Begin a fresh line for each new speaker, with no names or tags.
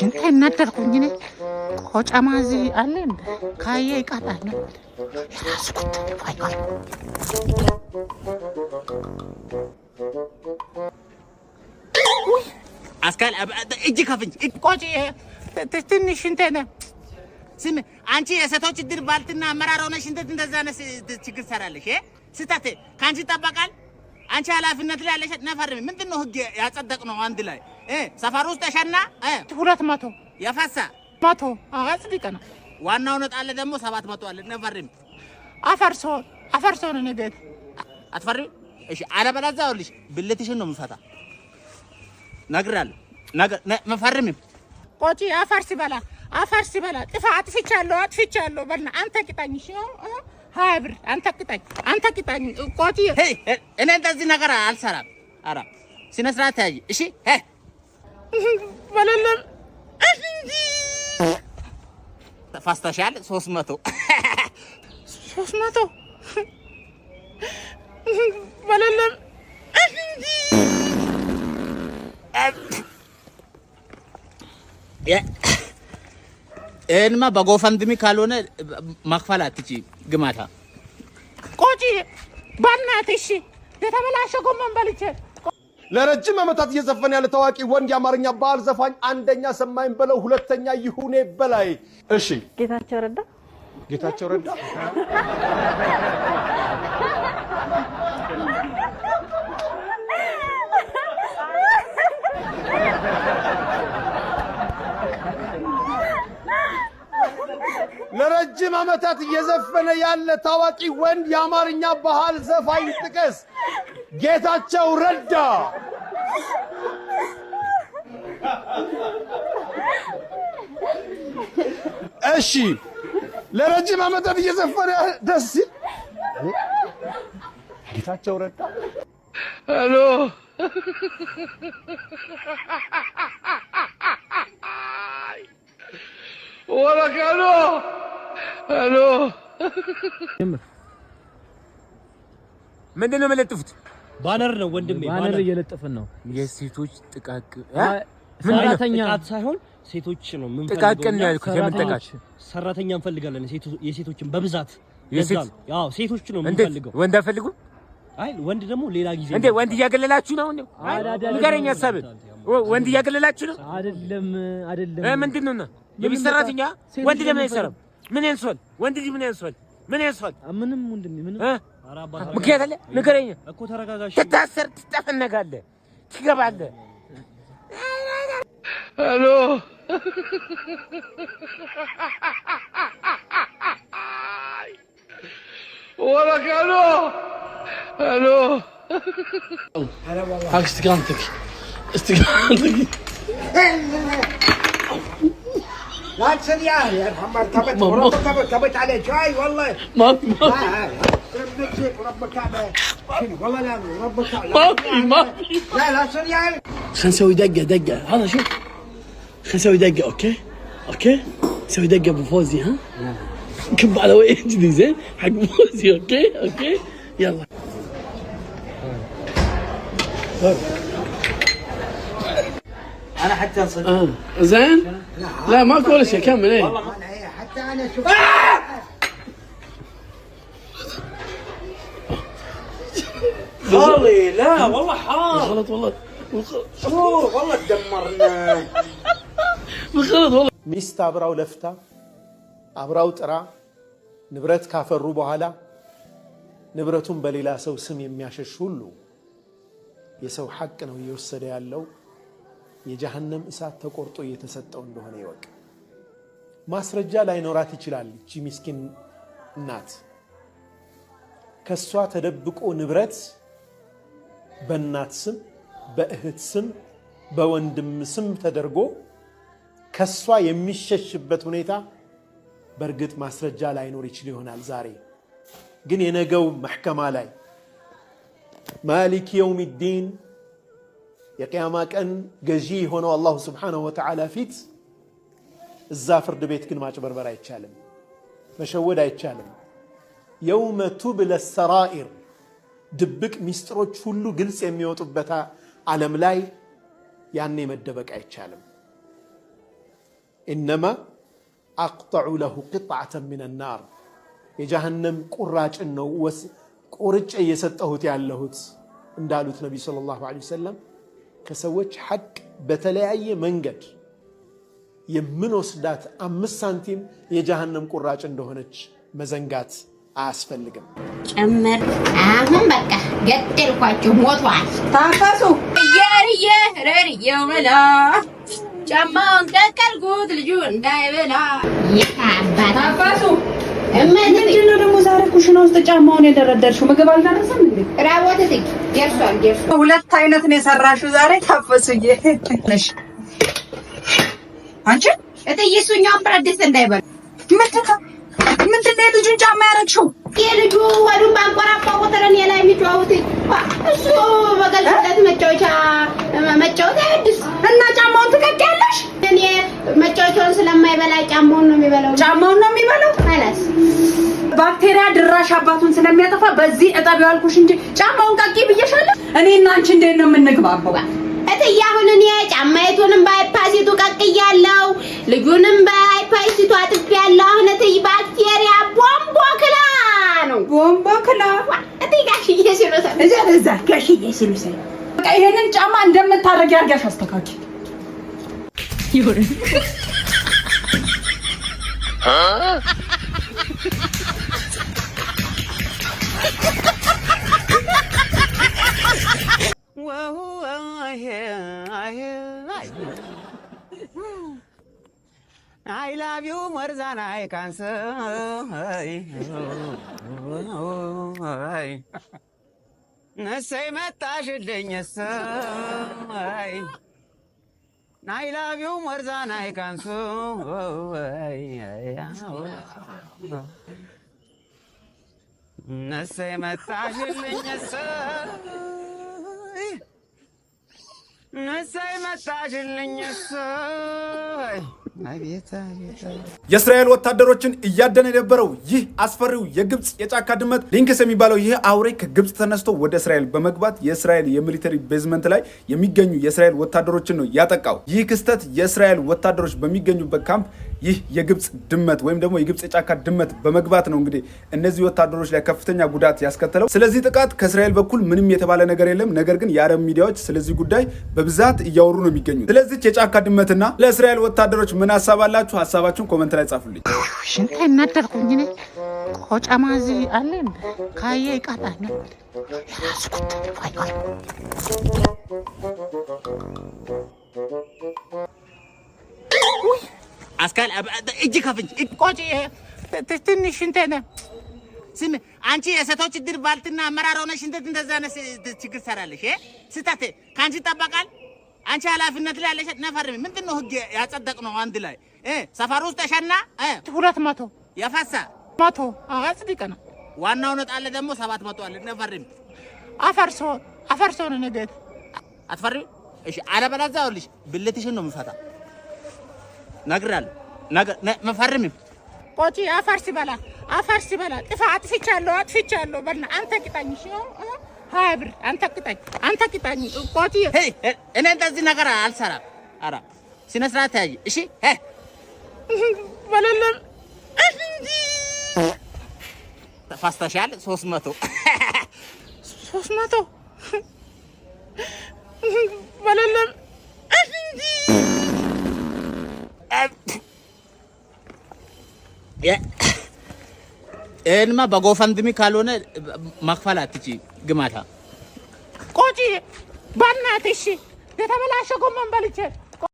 ሽንት እናደርኩኝ እኔ ቆጫማ እዚህ አለ እንደ ካየ ይቃጣል። የራሱ ጉዳይ ይባያል።
አስካል እጅ ከፍንጅ ቆጭ ትንሽ ሽንት ነ ስም አንቺ የሴቶች ድር ባልትና አመራር ሆነሽ እንዴት እንደዛ ነህ? ችግር ሰራለሽ። ስታት ከአንቺ ይጠበቃል። አንቺ ኃላፊነት ላይ ያለሽ ነፈርም ምንድን ነው ህግ ያጸደቅ ነው አንድ ላይ ሰፈር ውስጥ የሸና ሁለት መቶ የፈሳ መቶ አጽድቅ ነው። ዋናው ነጣ አለ ደግሞ ሰባት መቶ አለ። ነፈሪም አፈርሶ አፈርሶ ነው። እኔ አትፈሪ። እሺ፣ አለበለዚያ ይኸውልሽ ብልትሽን ነው የምፈታ። ነግራለሁ። መፈርምም ቆጪ አፈርስ ይበላ አፈርስ ይበላ። ጥፋ አጥፍቻለሁ፣ አጥፍቻለሁ። በልና አንተ ቅጣኝ። እሺ ሀያ ብር አንተ ቅጣኝ፣ አንተ ቅጣኝ። ቆጪ እኔ እንደዚህ ነገር አልሰራም። ኧረ ስነ ስርዓት ያይ። እሺ በለለም ተፋስተሻል። ሶስት መቶ ሶስት መቶ በለለም ይህንማ በጎፈንድሚ ካልሆነ ማክፈል አትችይም። ግማታ ቆጪ ባናትሽ የተበላሸ ጎመን በልቼ
ለረጅም ዓመታት እየዘፈነ ያለ ታዋቂ ወንድ የአማርኛ ባህል ዘፋኝ፣ አንደኛ ሰማኝ በለው፣ ሁለተኛ ይሁኔ በላይ። እሺ፣ ጌታቸው ረዳ። ጌታቸው ረዳ ለረጅም ዓመታት እየዘፈነ ያለ ታዋቂ ወንድ የአማርኛ ባህል ዘፋኝ ጥቀስ። ጌታቸው ረዳ እሺ ለረጅም ዓመታት እየዘፈነ ደስ ሲል ጌታቸው ረዳ
ሄሎ ወለካሎ ሄሎ
ምንድን ነው የምለጥፉት?
ባነር ነው ወንድሜ፣
ባነር እየለጠፍን ነው።
የሴቶች ጥቃቅ
ሰራተኛ ሳይሆን ሴቶች ነው ምን
ጥቃቅን ነው ያልኩት። የምን ጥቃቅ
ሰራተኛ እንፈልጋለን፣ የሴቶችን በብዛት ያው ሴቶች ነው
የምንፈልገው። ወንድ አፈልጉ?
አይ ወንድ ደግሞ ሌላ ጊዜ
እንዴ። ወንድ እያገለላችሁ ነው እንዴ? ንገረኝ ሀሳብህን። ወንድ እያገለላችሁ ነው።
አይደለም አይደለም።
ምንድን ነው እና የቤት ሰራተኛ ወንድ ለምን አይሰራም? ምን ያንሷል? ወንድ ልጅ ምን ያንሷል? ምን ያንሷል?
ምንም ወንድሜ ምንም
ምክንያት አለ ንገረኝ ትታሰር፣ ትጠፈነጋለህ፣ ትገባለህ።
ሄሎ ولك الو الو
هاك استقامتك استقامتك
لا تسريعه يا محمد تبت تبت عليه شاي
والله
والله لا لا خلينا
نسوي دقه دقه هذا شوف خلينا نسوي دقه اوكي اوكي نسوي دقه ابو فوزي ها كب على وجه جديد زين حق فوزي اوكي اوكي يلا
انا حتى صدق
آه. زين لا, ماكو ولا شيء كمل ايه والله حتى انا شوف آه!
حالي لا والله حار غلط والله شوف والله تدمرنا
بالغلط والله ሚስት አብራው ለፍታ አብራው ጥራ ንብረት ካፈሩ በኋላ ንብረቱን በሌላ ሰው ስም የሚያሸሽ ሁሉ የሰው ሐቅ ነው እየወሰደ ያለው። የጀሃነም እሳት ተቆርጦ እየተሰጠው እንደሆነ ይወቅ። ማስረጃ ላይኖራት ይችላል። ይቺ ምስኪን እናት ከእሷ ተደብቆ ንብረት በእናት ስም፣ በእህት ስም፣ በወንድም ስም ተደርጎ ከሷ የሚሸሽበት ሁኔታ በእርግጥ ማስረጃ ላይኖር ይችል ይሆናል። ዛሬ ግን የነገው መሕከማ ላይ ማሊክ የውም ዲን የቅያማ ቀን ገዢ የሆነው አላሁ ስብሓነሁ ወተዓላ ፊት እዛ ፍርድ ቤት ግን ማጭበርበር አይቻልም፣ መሸወድ አይቻልም። የውመ ቱብለ ሰራኢር ድብቅ ሚስጥሮች ሁሉ ግልጽ የሚወጡበት ዓለም ላይ ያኔ መደበቅ አይቻልም። ኢነማ አቅጠዑ ለሁ ቅጥዓተን ሚነ ናር የጀሃነም ቁራጭን ነው ቁርጭ እየሰጠሁት ያለሁት እንዳሉት ነቢዩ ሰለላሁ ዐለይሂ ወሰለም ከሰዎች ሐቅ በተለያየ መንገድ የምንወስዳት አምስት ሳንቲም የጀሃነም ቁራጭ እንደሆነች መዘንጋት አያስፈልግም።
ጭምር አሁን በቃ ገደልኳችሁ። ሞቷል። ታፈሱ እየርየ ረርየው ብላ ጫማውን ቀቀልኩት ልጁ እንዳይበላ ይካባል።
ታፈሱ ምንድን ነው ደግሞ ዛሬ ኩሽና ውስጥ ጫማውን የደረደርሽው? ምግብ አልደረሰም እንዴ?
ራቦት ትክ ደርሷል፣ ደርሷል።
ሁለት አይነት ነው የሰራሽው ዛሬ ታፈሱዬ። ነሽ አንቺ
እትዬ እሱኛውን ብረት ድስት እንዳይበላ
ምትካ ምንድነው የልጁን ጫማ ያረግሽው?
የልጁ ወዱ ባንቆራፋ ቁጥርን የላይ የሚጫወት እሱ በገልጽለት መጫወቻ መጫወት አይወድስ
እና ጫማውን ትቀቂያለሽ?
እኔ መጫወቻውን ስለማይበላ ጫማውን ነው የሚበላው።
ጫማውን ነው የሚበላው። ላስ ባክቴሪያ ድራሽ አባቱን ስለሚያጠፋ በዚህ እጠቢው አልኩሽ እንጂ ጫማውን ቀቂ ብዬሻለሁ። እኔ እና አንቺ እንዴት ነው የምንግባባው?
እትዬ አሁን እኔ ጫማይቱንም በአይፓሲቱ ቀቅያለሁ፣ ልጁንም በአይፓሲቱ አጥቤያለሁ። አሁን እትዬ ባክቴሪያ ቦምቦ ክላ ነው
ቦምቦ ክላ
እትዬ ጋሽዬ ሲሉሰን
እዛ እዛ ጋሽዬ ሲሉሰን በቃ ይሄንን ጫማ እንደምታደርጊ አድርጊያሽ አስተካኪ
ይሁን አይ ላቭ ዩ መርዛን አይ ካንሰይ እሰይ መጣሽልኝ እሰይ አይ ላቭ ዩ መርዛን አይ ካንሰይ እሰይ መጣሽልኝ እሰይ
የእስራኤል ወታደሮችን እያደነ የነበረው ይህ አስፈሪው የግብፅ የጫካ ድመት ሊንክስ የሚባለው ይህ አውሬ ከግብፅ ተነስቶ ወደ እስራኤል በመግባት የእስራኤል የሚሊተሪ ቤዝመንት ላይ የሚገኙ የእስራኤል ወታደሮችን ነው ያጠቃው። ይህ ክስተት የእስራኤል ወታደሮች በሚገኙበት ካምፕ ይህ የግብፅ ድመት ወይም ደግሞ የግብፅ የጫካ ድመት በመግባት ነው እንግዲህ እነዚህ ወታደሮች ላይ ከፍተኛ ጉዳት ያስከተለው። ስለዚህ ጥቃት ከእስራኤል በኩል ምንም የተባለ ነገር የለም። ነገር ግን የአረብ ሚዲያዎች ስለዚህ ጉዳይ በብዛት እያወሩ ነው የሚገኙት። ስለዚች የጫካ ድመትና ለእስራኤል ወታደሮች ምን ሀሳብ አላችሁ? ሀሳባችሁን ኮመንት ላይ ጻፉልኝ።
ካየ ይቃጣል።
አስካል እጅ ከፍንጅ ቆጭ ይሄ ትንሽ እንትን ስም አንቺ የሴቶች ድር ባልትና አመራር ሆነሽ እንዴት እንደዛ ነስ ችግር ሰራለሽ? ስህተት ከአንቺ ይጠበቃል። አንቺ ኃላፊነት ላይ ያለሽ ነፈርም ምንድን ነው ህግ ያጸደቅ ነው። አንድ ላይ ሰፈር ውስጥ ተሸና ሁለት መቶ የፈሳ መቶ አጽድቀና ዋናው ነጥ አለ ደግሞ ሰባት መቶ አለ። ነፈርም አፈርሶ አፈርሶ ነው ነገት አትፈርም። እሺ አለበለዚያ ይኸውልሽ ብልትሽን ነው የምፈታ እነግርሃለሁ። መፈርምም ቆጪ አፈር ሲበላ አፈር ሲበላ ጥፋ አጥፍቻለሁ፣ አጥፍቻለሁ በልና አንተ ቅጣኝ። እሺ ሀያ ብር አንተ ቅጣኝ፣ አንተ ቅጣኝ። ቆጪ እኔ እንደዚህ ነገር አልሰራም። ኧረ ስነ ስርዓት ያዥ። እሺ በለለም ተፋስተሻል። ሶስት መቶ ሶስት መቶ በለለም ይህንማ በጎፈንድሚ ካልሆነ መክፈል አትችይም። ግማታ ቆጪ ባናትሽ የተበላሸ ጎመን በልቼ